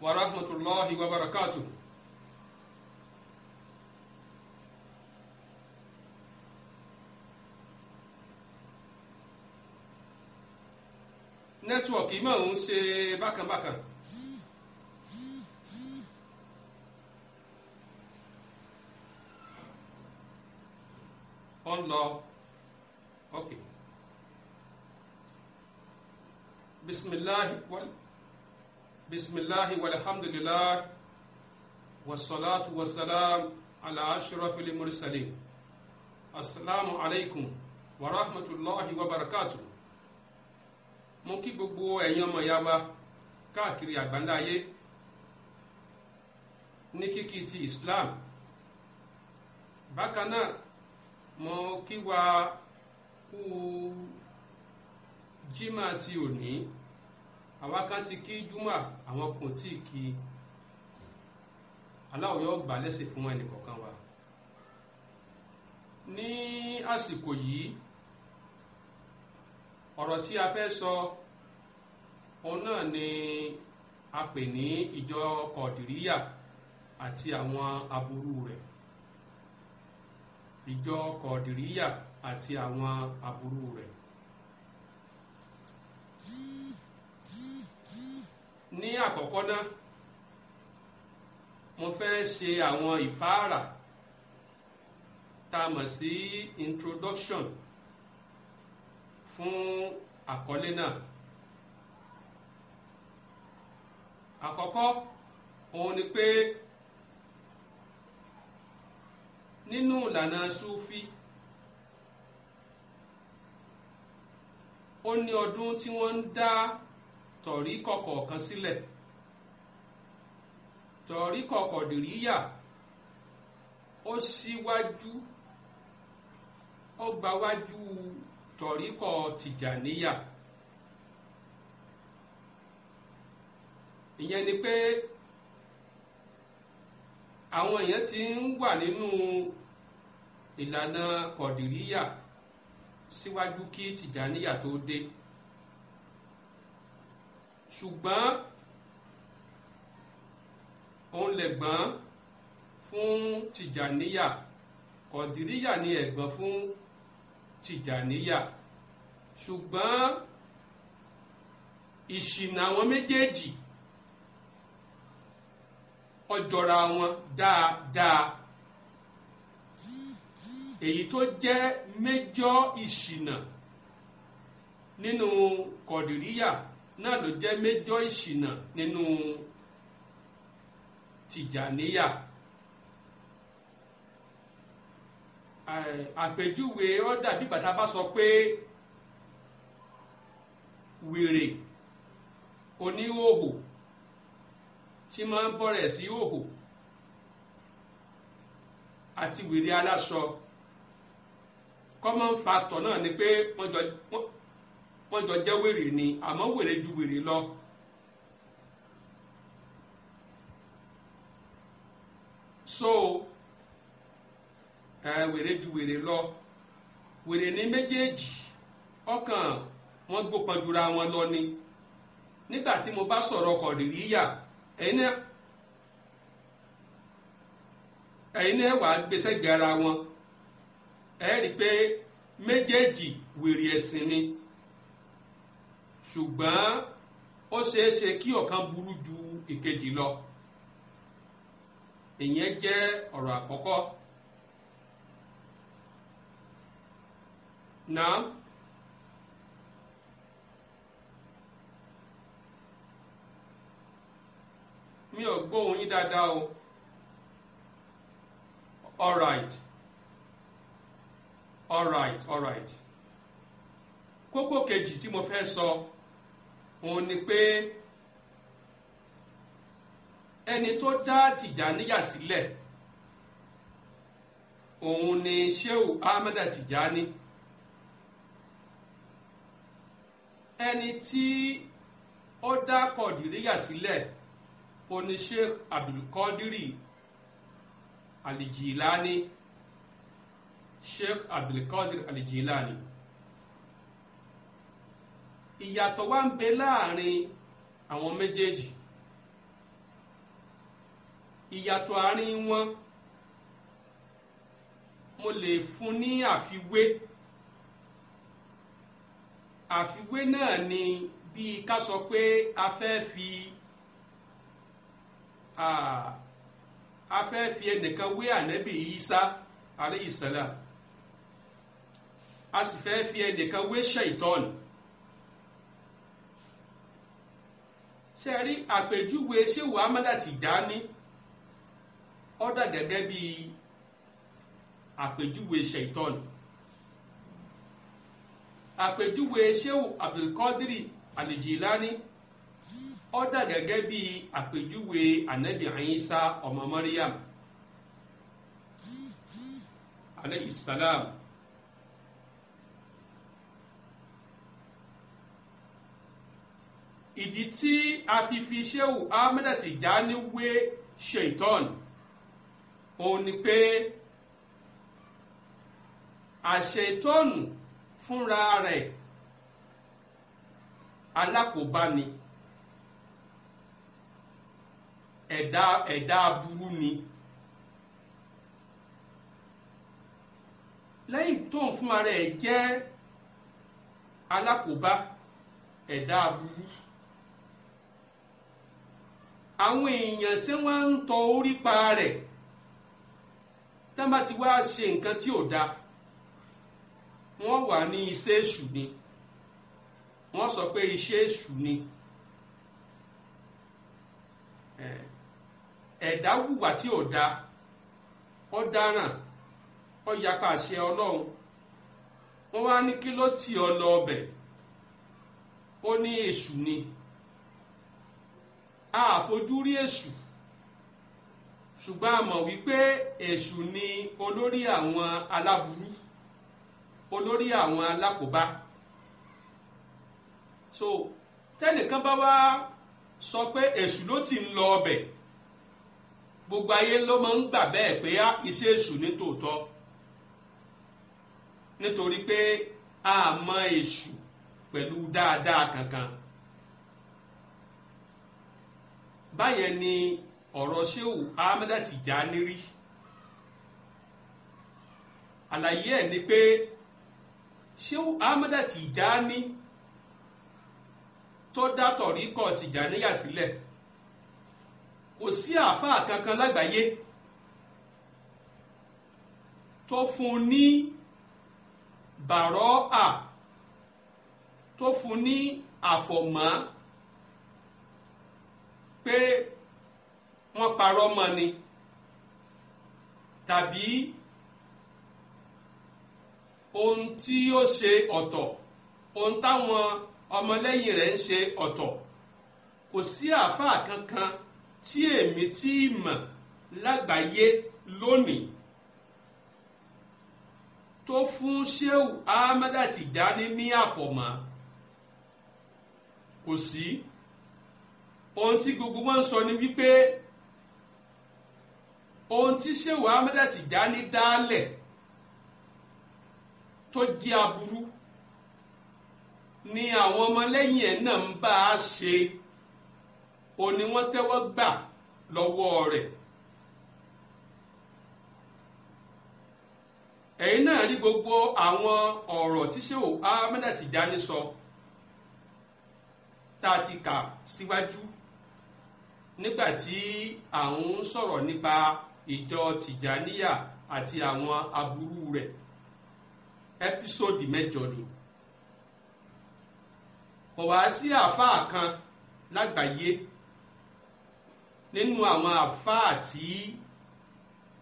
wa rahmatulahi wa barakatu. nẹ́tíwọ̀kì mọ̀ ń ṣe bákànbákàn. ó ń lọ ok bisimilahi wàllu bisimilahi walhamdulilah wasalaatu wasalaam ala ashrafi mursalin asalaamu alaykum wa rahmatulahi wa barakatu mo kí gbogbo ẹ̀yin ọmọ ìyá wa káàkiri àgbáńlá ayé ní kíkí ti islam bákan náà mo kí wa kú jimá ti òní àwọn kan ti kí júmọ̀ àwọn kò tí ì kí Allah yóò gbà lẹ́sìn fún ẹnì kọ̀ọ̀kan wa ní àsìkò yìí ọ̀rọ̀ tí a fẹ́ sọ òun náà ni a pè ní ìjọ kọ̀dìríyà àti àwọn aburú rẹ̀ ìjọ kọ̀dìríyà àti àwọn aburú rẹ̀ ní àkọ́kọ́ náà mo fẹ́ ṣe àwọn ìfáàrà tá a mọ̀ sí introduction fún àkọlé náà àkọ́kọ́ òun ni pé nínú ìlànà Súfì ó ní ọdún tí wọ́n ń dá. tọ̀rí kọ̀kọ̀ kan sílẹ̀ tọ̀rí kọ̀kọ̀ dìríyà ó síwájú ó gbáwájú tọ̀rí kọ̀ tìjàníyà ìyẹn ni pé àwọn èèyàn ti ń wà nínú ìlànà kọ̀dìríyà síwájú kí tìjàníyà tó dé. ṣùgbọ́n òun lẹ̀gbọ́n fún tìjàníyà kọ̀dìríyà ni ẹ̀gbọ́n fún tìjàníyà ṣùgbọ́n ìṣìnà àwọn méjèèjì ọjọ́ra wọn dáadáa èyí tó jẹ́ méjọ́ ìṣìnà nínú kọ̀dìríyà náà ló jẹ́ méjọ́ ìṣìnà nínú tìjàníyà eh, àpèjúwe ó dàbí ìgbà tá a bá sọ pé wèrè oníhòhò tí máa ń bọ̀rẹ̀ sí hòhò àti wèrè aláṣọ common factor náà ni pé wọ́n jọ wọ́n jọ jẹ́ wèrè ni àmọ́ wèrè ju wèrè lọ. so ẹ wèrè ju wèrè lọ wèrè ní méjèèjì ọkàn wọn gbópọn jura wọn lọ ni nígbà tí mo bá sọ̀rọ̀ ọkọ̀ rírí yà ẹ̀yin náà ẹ̀yin náà wàá gbèsè gbẹ ara wọn ẹ rí i pé méjèèjì wèrè ẹ̀sìn ni. ṣùgbọ́n ó seese ki kí ọ̀kan burú ju ìkejì lọ ìyẹn jẹ́ ọ̀rọ̀ àkọ́kọ́ mi ò gbóhùn yín dáadáa o all right all kókó kejì tí mo fẹ́ sọ òun ni pé ẹni tó dá tìjàníyà sílẹ̀ òun ni sheu ahmeda tìjàní ẹni tí ó dá kọ̀dìríyà sílẹ̀ òun ni sheikh abdulkadiri alijilani sheikh abdulkadir alijilani. Al ìyàtọ̀ wá ń bẹ láàrin àwọn méjèèjì ìyàtọ̀ àárín wọn mo lè fún ní àfiwé àfiwé náà ni bíi ká sọ pé a fẹ́ fi a fẹ́ fi ẹnìkan wé ànẹ́bì Isa alayhi salam a sì fẹ́ fi ẹnìkan wé ṣèitọ́nù ṣe rí àpèjúwe ṣéwù amada Tijani ọ̀dà gẹ́gẹ́ bí àpèjúwe ṣèitọ́n àpèjúwe ṣéwù abdulkadiri alijilani ọ̀dà gẹ́gẹ́ bí àpèjúwe anabi Isa ọmọ Mariam aleyhi salam. ìdí tí a fi fi Shehu Ahmed Tijani wé shaitan òun ni pé àṣetọ́nù fúnra rẹ̀ alákòóbá ni ẹ̀dá ẹ̀dá aburú ni lẹ́yìn tóun fúnra rẹ̀ jẹ́ alákòóbá ẹ̀dá aburú. E àwọn èèyàn tí wọ́n ń tọ orí pa rẹ̀ tá bá ti wá ṣe nǹkan tí ò dáa wọ́n wà ní iṣẹ́ èṣù ni wọ́n sọ pé iṣẹ́ èṣù ni ẹ̀dá wùwà tí ò dáa ó dáràn ó yapa àṣẹ ọlọ́run wọ́n wá ní kí ló tì ọ́ lọ ọbẹ̀ ó ní èṣù ni. Eh, a àfojúrí èṣù ṣùgbọ́n a mọ̀ wípé èṣù ni olórí àwọn aláburú olórí àwọn alákòbá so tẹ́nìkan bá wá sọ pé èṣù ló ti ń lọ ọbẹ̀ gbogbo ayé ló máa ń gbà bẹ́ẹ̀ pé iṣẹ́ èṣù ní tòótọ́ nítorí pé a mọ̀ èṣù pẹ̀lú dáadáa kankan báyẹn ni ọ̀rọ̀ Shehu Ahmed Tijani rí àlàyé ẹ̀ ni pé Shehu Ahmed Tijani tó dá tọ̀ríkọ̀ Tìjàníyà sílẹ̀ kò sí àáfàá kankan lágbàáyé tó fún un ní bàrọ́ à tó fún ní àfọ̀mọ́ pé wọ́n parọ́ mọ́ ni tàbí ohun tí ó ṣe ọ̀tọ̀ ohun táwọn ọmọlẹ́yìn rẹ̀ ń ṣe ọ̀tọ̀ kò sí àáfàá kankan tí èmi tí ì mọ̀ lágbàáyé lónìí tó fún Shehu Ahmada Tijani ní àfọ̀mọ́ kò sí. Si ohun tí gbogbo wọn ń sọ ni wípé ohun tí Shehu Ahmed Tijani dálẹ̀ tó jẹ́ aburú ni àwọn ọmọlẹ́yìn ẹ̀ náà ń bá a ṣe òní wọ́n tẹ́wọ́ gbà lọ́wọ́ rẹ̀. ẹ̀yin náà rí gbogbo àwọn ọ̀rọ̀ tí Shehu Ahmed Tijani sọ tá a ti kà síwájú. Si nígbà tí à ń sọ̀rọ̀ nípa ìjọ tìjàníyà àti àwọn aburú rẹ̀ ẹ́písòdì mẹ́jọ ni kò wá sí àáfàá kan lágbàáyé nínú àwọn àáfàá tí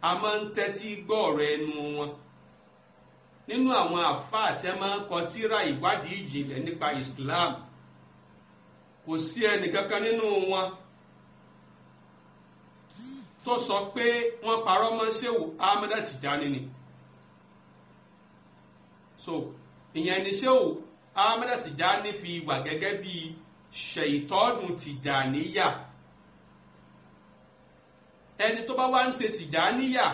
a máa ń tẹ́tí gbọ́ ẹnu wọn nínú àwọn àáfàá tí a máa ń kọ tírà ìwádìí ìjìnlẹ̀ nípa Islam kò sí ẹnìkankan nínú wọn. No tó sọ pé wọ́n parọ́ mọ́ ṣéwù Ahmada Tijani ni so ìyẹn ni ṣéwù Ahmada Tijani fi wà gẹ́gẹ́ bí ṣèyítọ́nù Tijaniya ẹni tó bá wá ń ṣe Tijaniya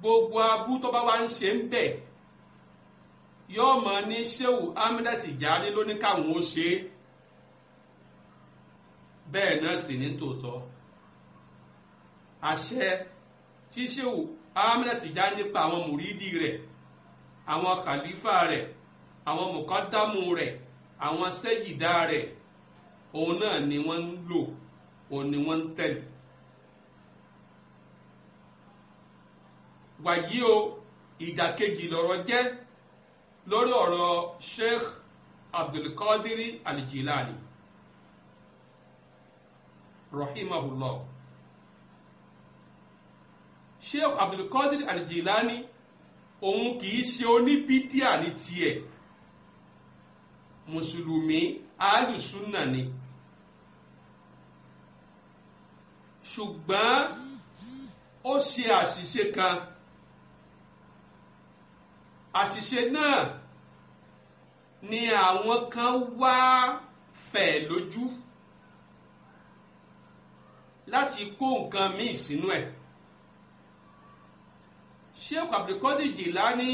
gbogbo abú tó bá wá ń ṣe ń bẹ̀ yọ́ọ̀mọ̀ ní ṣéwù Ahmada Tijani ló ní káwọn ó ṣe é bẹ́ẹ̀ náà sì ní tòótọ́ àṣẹ tí Ṣéhù Ahmed Tijani nípa àwọn mùrídìí rẹ̀ àwọn kàlífà rẹ̀ àwọn mùkọ́dámù rẹ̀ àwọn sẹ́yìdá rẹ̀ òun náà ni wọ́n ń lò òun ni wọ́n ń tẹ̀lé. wàyí o ìdàkejì lọ̀rọ̀ jẹ́ lórí ọ̀rọ̀ Sheikh Abdulkadiri Alijilani rahimahullah sheikh abdulkadir aljilani òun kì í ṣe oníbídíà ní tiẹ̀ mùsùlùmí alùsùnà ni ṣùgbọ́n ó ṣe àṣìṣe kan àṣìṣe náà ni àwọn kan wá fẹ̀ lójú láti kó nǹkan míì sínú ẹ̀ sheikh abdulkadir jilani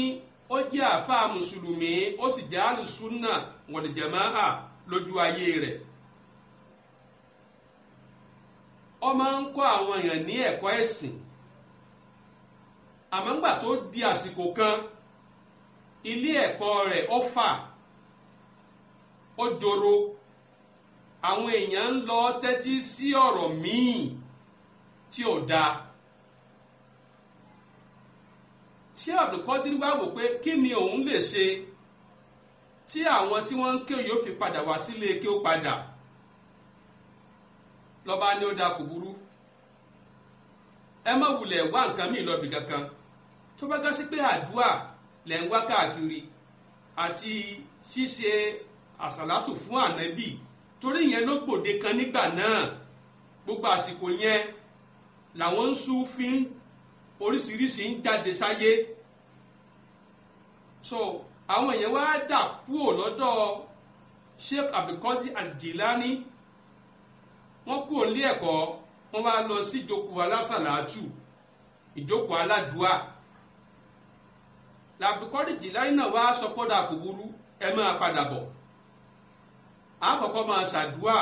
ó jẹ́ àáfàá mùsùlùmí ó sì jẹ́ alùsùnà wọ̀lìjàmáà lójú ayé rẹ̀ ó máa ń kọ́ àwọn èèyàn ní ẹ̀kọ́ ẹ̀sìn àmọ́ ńgbà tó di àsìkò kan ilé ẹ̀kọ́ rẹ̀ ó ó joro àwọn èèyàn ń lọ tẹ́tí sí ọ̀rọ̀ míì tí ò dáa ṣé Abdulkadir wá wò pé kí ni òun lè ṣe tí àwọn tí wọ́n ń ké yóò fi padà wá sílé kí ó padà lọ́ba ni ó da kò burú ẹ má wulẹ̀ wá nǹkan míì lọ́bì kankan tó bá gásí pé àdúà lẹ̀ ń wá káàkiri àti ṣíṣe àsàlátù fún ànábì torí ìyẹn ló gbòde kan nígbà náà gbogbo àsìkò yẹn làwọn ń súfin oríṣiríṣi ń jáde sáyé so àwọn èèyàn wá dà kúò lọ́dọ̀ Sheikh Abdulkadir Al-Jilani wọ́n kúò nílé ẹ̀kọ́ wọ́n wá lọ sí ìjókòó alásàlátù ìjókòó aládùá làbùkọ́dì Jìlání náà wá sọ pọ́dà kò burú ẹ máa padà bọ̀ a kọ́kọ́ máa ṣàdúà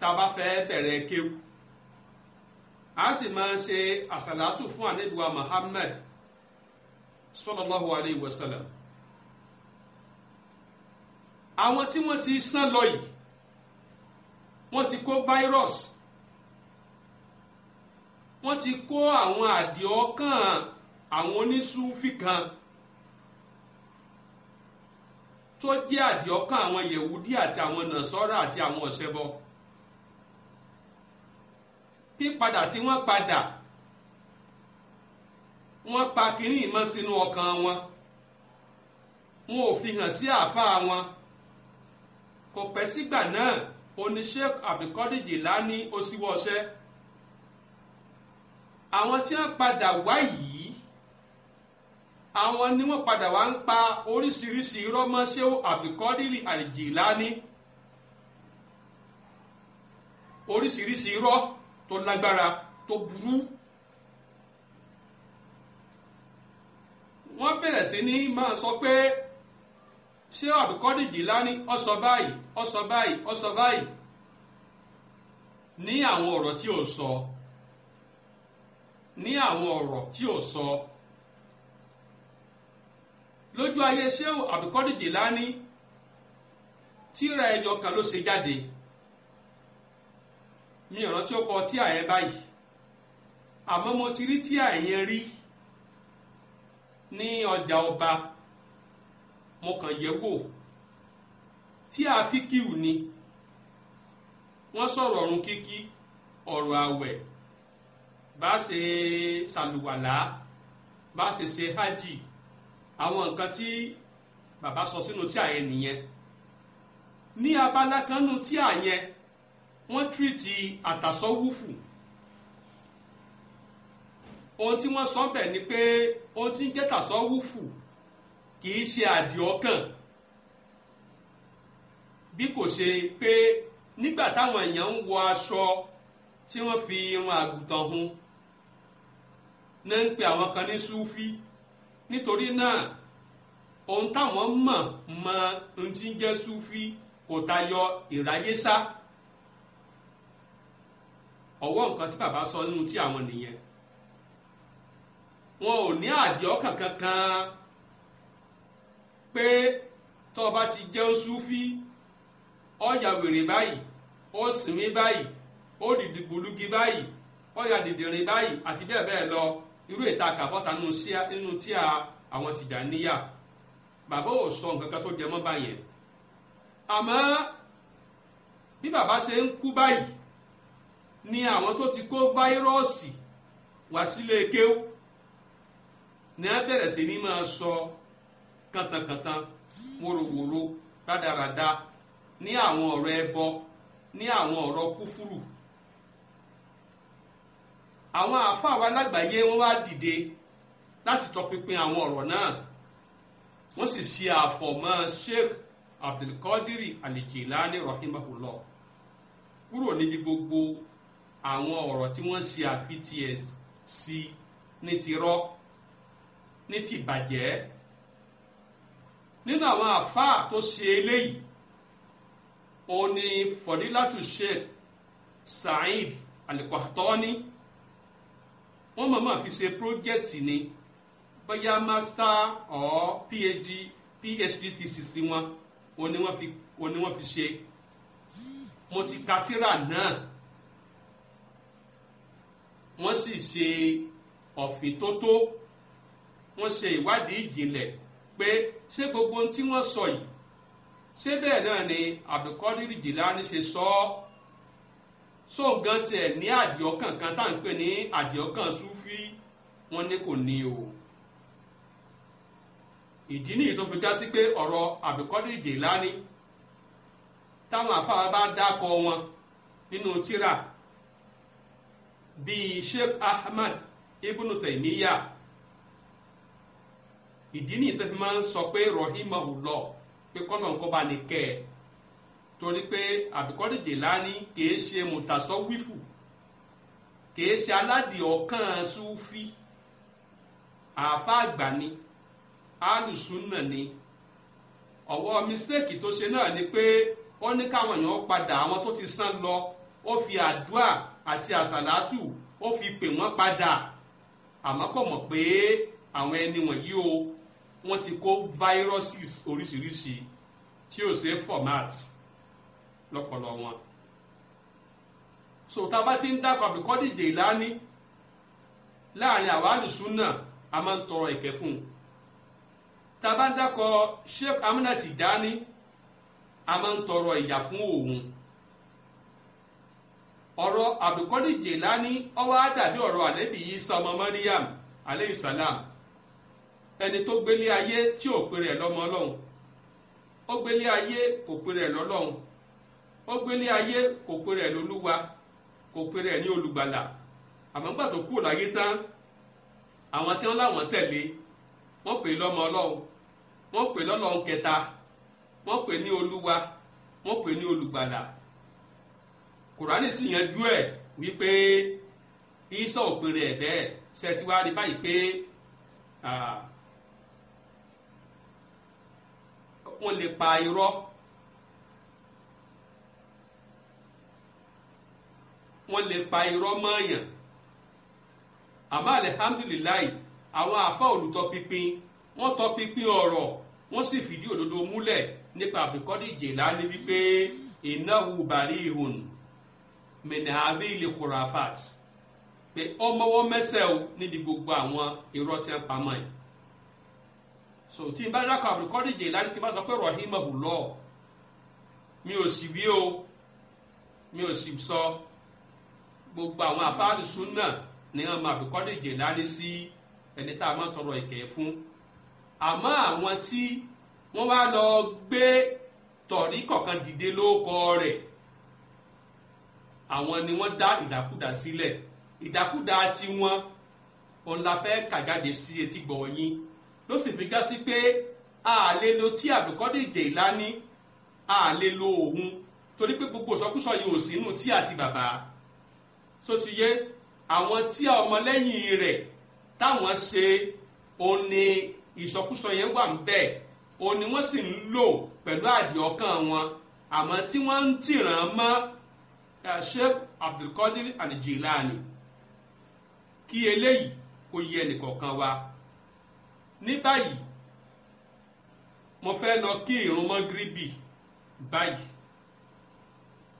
tá a bá fẹ́ bẹ̀rẹ̀ kéwù a sì máa ṣe àṣàlátù fún ànábìwa Muhammad sallallahu alayhi wa sallam àwọn tí wọ́n ti sán lọ yìí wọ́n ti kó virus wọ́n ti kó àwọn àdìọ́kàn àwọn onísúfì kan. Àwọn tó jẹ́ àdìọ́kàn àwọn yẹ̀wúdí àti àwọn nàṣọ́rà àti àwọn ọ̀ṣẹ́bọ pípadà tí wọ́n padà wọ́n pa kínní ìmọ̀ sínú ọkàn wọn wọn ò fi hàn sí àáfàá wọn kò pẹ́ sígbà náà oní Sheikh Abdulkadir Jilani ó ṣíwọ́ iṣẹ́ àwọn tí wọ́n padà wá yìí àwọn ni wọ́n padà wá ń pa oríṣiríṣi irọ́ mọ́ Ṣéhù Abdulkadiri Al-Jilani oríṣiríṣi irọ́ tó lágbára tó burú wọ́n bẹ̀rẹ̀ sí ní máa sọ pé Ṣéhù Abdulkadiri Jilani ó sọ báyìí ó sọ báyìí ó sọ báyìí ní àwọn ọ̀rọ̀ tí ò sọ ní àwọn ọ̀rọ̀ tí ò sọ. So lójú ayé Ṣéhù Àbíkọ́dì Jìlání tíra ẹyọ kan ló ṣe jáde mi ò rántí ó kọ tíà yẹn báyìí àmọ́ mo ti rí tíà yẹn rí ní ọjà ọba mo kàn yẹ̀ wò tí a fi kíw ni wọ́n sọ̀rọ̀ ọ̀run kíkí ọ̀rọ̀ àwẹ̀ bá ṣe ṣàlùwàlá bá ṣe ṣe hájì àwọn nǹkan tí bàbá sọ sínú tíà yẹn nìyẹn ní abala kan nù tíà yẹn wọ́n tírìtì àtàsọ́wúfù ohun tí wọ́n sọ bẹ̀ ni pé ohun tí ń jẹ́ tàsọ́wúfù kì í ṣe àdìọ́kàn bí kò ṣe pé nígbà táwọn èèyàn ń wọ aṣọ tí wọ́n fi irun àgùntàn hun ní ń pe àwọn kan ní súfí nítorí náà ohun táwọn mọ̀ mọ ohun tí ń jẹ́ sufi kò tayọ ìráyésá ọwọ́ nǹkan tí bàbá sọ nínú tí àwọn nìyẹn wọn ò ní àdìọ́kàn kankan pé tó o bá ti jẹ́ sufi ó ya wèrè báyìí ó sinmi báyìí ó dìdìgbòlugi báyìí ó ya dìdìrín báyìí àti bẹ́ẹ̀ bẹ́ẹ̀ lọ irú èta àkàbọ̀tà nínú tí a àwọn Tìjàníyà bàbá ò sọ nǹkan kan tó jẹ mọ́ báyẹn àmọ́ bí bàbá ṣe ń kú báyìí ni àwọn tó ti kó fáírọ́ọ̀sì wá sílé kéwú ni a bẹ̀rẹ̀ sí ní máa sọ kàntàkàntàn wòrowòro rádaràda ní àwọn ọ̀rọ̀ ẹbọ ní àwọn ọ̀rọ̀ kúfúrú àwọn àáfàá wa lágbàáyé wọ́n wá dìde láti tọpinpin àwọn ọ̀rọ̀ náà wọ́n sì ṣe àfọ̀mọ́ Sheikh Abdulkadiri Al-Jilani rahimahullah kúrò níbi gbogbo àwọn ọ̀rọ̀ tí wọ́n ṣe àfitiẹ̀ sí ní ti rọ́ ní ti bàjẹ́ nínú àwọn àáfàá tó ṣe eléyìí òun ni fọdílátù Sheikh Said Al-Qahtani wọ́n mọ̀ọ́mọ̀ fi ṣe project ni bóyá master or phd phd thesis wọn òun ni wọ́n fi òun ni wọ́n fi ṣe mo ti ka tírà náà wọ́n sì ṣe ọ̀fìntótó wọ́n ṣe ìwádìí ìjìnlẹ̀ pé ṣé gbogbo ohun tí wọ́n sọ yìí ṣé bẹ́ẹ̀ náà ni Abdulkadir Jilani ṣe sọ ọ́ sóun gan tiẹ̀ ní àdìọ́kàn kan tá à ń pè ní àdìọ́kàn súfì wọ́n ní kò ní o ìdí nìyí tó fi já sí pé ọ̀rọ̀ àbíkọ́dé Jìlání táwọn afáwa bá dákọ̀ wọn nínú tírà bíi Sheikh Ahmad Ibn Taymiyyah ìdí nìyí tó fi máa ń sọ pé rahimahullah pé kọ́lọ̀ ń kọ́ bá ní kẹ́ ẹ̀ torí pé àbíkọ́dé jèlání kìí ṣe mùtàsọ́ wífù kìí ṣe aládìí ọ̀kan súfì àáfàá àgbà ni alùsùnà ni ọ̀wọ́ mistake tó ṣe náà ni pé ó ní káwọn èèyàn padà àwọn tó ti sán lọ ó fi àdúà àti àsàlátù ó fi pè wọ́n padà àmọ́ kò mọ̀ pé àwọn ẹni wọ̀nyí o wọ́n ti kó viruses oríṣiríṣi tí ò ṣe format lọ́pọlọ wọn so tá a bá ti ń dákọ̀ àbíkọ́dì Jèlání láàrin àwa àlùsúnà a máa ń tọrọ ìkẹ́ fún un bá ń dákọ̀ Sheikh Amina Tijani a máa ń tọrọ ìyà fún òun ọ̀rọ̀ àbíkọ́dì Jèlání ó wá dàbí ọ̀rọ̀ àlẹ́bí Ìsá ọmọ Mariam aleyhi salam ẹni tó gbélé ayé tí ò pèrè lọ́mọ ọlọ́run ó gbélé ayé kò pèrè lọ́lọ́run ó gbélé ayé kò pe rẹ̀ lólúwa kò pe rẹ̀ ní olùgbàlà àmọ́ nígbà tó kúrò láyé tán àwọn tí wọ́n láwọn tẹ̀lé wọ́n pè lọ́mọ ọlọ́run wọ́n pè lọ́lọ́run kẹta wọ́n pè ní olúwa wọ́n pè ní olùgbàlà kùránì sì yanjú ẹ̀ wípé ìsọ̀ òpin rẹ̀ bẹ́ẹ̀ ṣe ti wá rí báyìí pé wọ́n lè pa irọ́. wọ́n lè pa irọ́ mọ́ọ̀yàn àmọ́ alihamdulilayi àwọn àfa olùtọpinpin wọ́n tọpinpin ọ̀rọ̀ wọ́n sì fìdí òdodo múlẹ̀ nípa àbíkọ́dí ìjìlá ní wípé ìnáwó bàrí ihun mẹnàhàdí ilé kùràfàt pé ọmọwọ́ mẹ́sẹ̀ o níbi gbogbo àwọn irọ́ tí wọ́n pamọ́ yìí so tí n bá dákọ̀ àbíkọ́dí ìjìlá ní ti bá sọ pé rahimahullah mi ò sì wí o mi ò sì sọ. So, gbogbo àwọn àfáàlù súnà ni wọn máa bí kọ́dé Jìlání sí ẹni tá a máa tọrọ ìkẹ́ fún àmọ́ àwọn tí wọ́n wá lọ gbé tọ̀rí kọ̀ọ̀kan dìde lóko rẹ̀ àwọn ni wọ́n dá ìdàkúdà sílẹ̀ ìdàkúdà tiwọn òun la fẹ́ kà sí etí gbọ̀wọ́ yín ló sì fi gá pé a lè lo tí àbíkọ́dé Jìlání a lè lo òun torí pé gbogbo ìsọkúsọ yìí ò sínú tí àti bàbá so ti yé àwọn tí ọmọlẹ́yìn rẹ̀ táwọn ṣe òun ni ìsọkúsọ yẹn wà ń bẹ òun ni wọ́n sì ń lò pẹ̀lú àdì ọkàn wọn àmọ́ tí wọ́n ń tìràn mọ́ Sheikh Abdulkadir Al-Jilani kí eléyìí kó yé ẹnìkọ̀ọ̀kan wa ní báyìí mo fẹ́ lọ kí ìrun mọ́gíríbì báyìí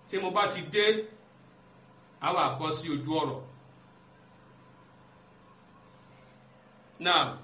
tí mo bá ti dé a wà bọ́ sí ojú ọ̀rọ̀ náà.